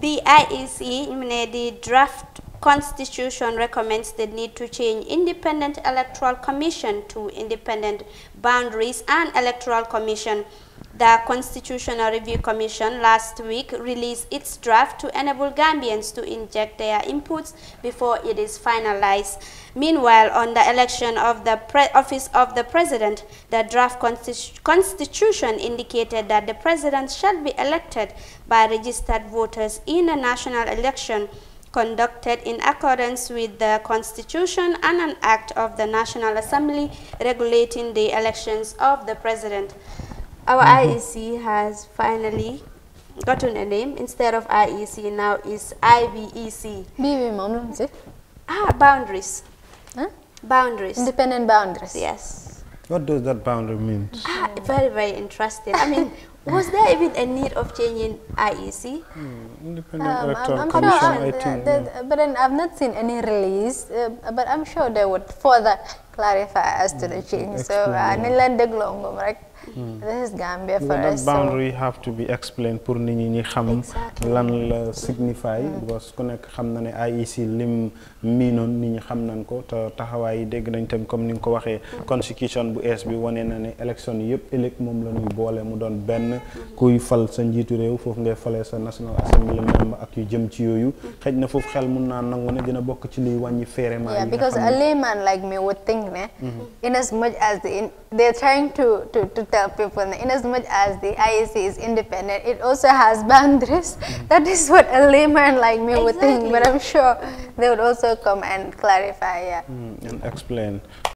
the IEC, made the draft Constitution recommends the need to change Independent Electoral Commission to Independent Boundaries and Electoral Commission. The Constitutional Review Commission last week released its draft to enable Gambians to inject their inputs before it is finalized. Meanwhile, on the election of the office of the president, the draft constitu constitution indicated that the president shall be elected by registered voters in a national election conducted in accordance with the Constitution and an act of the National Assembly regulating the elections of the President. Our mm -hmm. IEC has finally gotten a name. Instead of IEC, now is IBEC. Ah, boundaries. Huh? Boundaries. Independent boundaries. Yes. What does that boundary mean? Ah, very, very interesting. I mean, was there even a need of changing IEC? Mm, independent um, Electoral I'm, I'm Commission, sure, I think. The, the, yeah. But then I've not seen any release, uh, but I'm sure they would further clarify as to the mm, change. so nañ uh, leen dégloo ngom rek. Mm. this is Gambia for us. that boundary have to be explained pour nit ñi ñi xam. lan la signify. because ku nekk xam na ne IEC lim miinoon nit ñi xam nañ ko te taxawaay yi dégg nañ tam comme ni nga ko waxee. constitution bu ees bi wane na ne élection yëpp ëllëg moom la ñuy boole mu doon benn kuy fal sa njiitu réew foofu ngay falee sa national assembly member ak yu jëm ci yooyu. xëj na foofu xel mun naa nangu ne dina bokk ci liy wàññi féere. maa yi nga xam ne yeah because a layman like me would think mm -hmm. in as much as the in, they're trying to, to, to tell people that in as much as the IEC is independent, it also has boundaries. Mm -hmm. That is what a layman like me exactly. would think, but I'm sure they would also come and clarify. Yeah. Mm, and explain.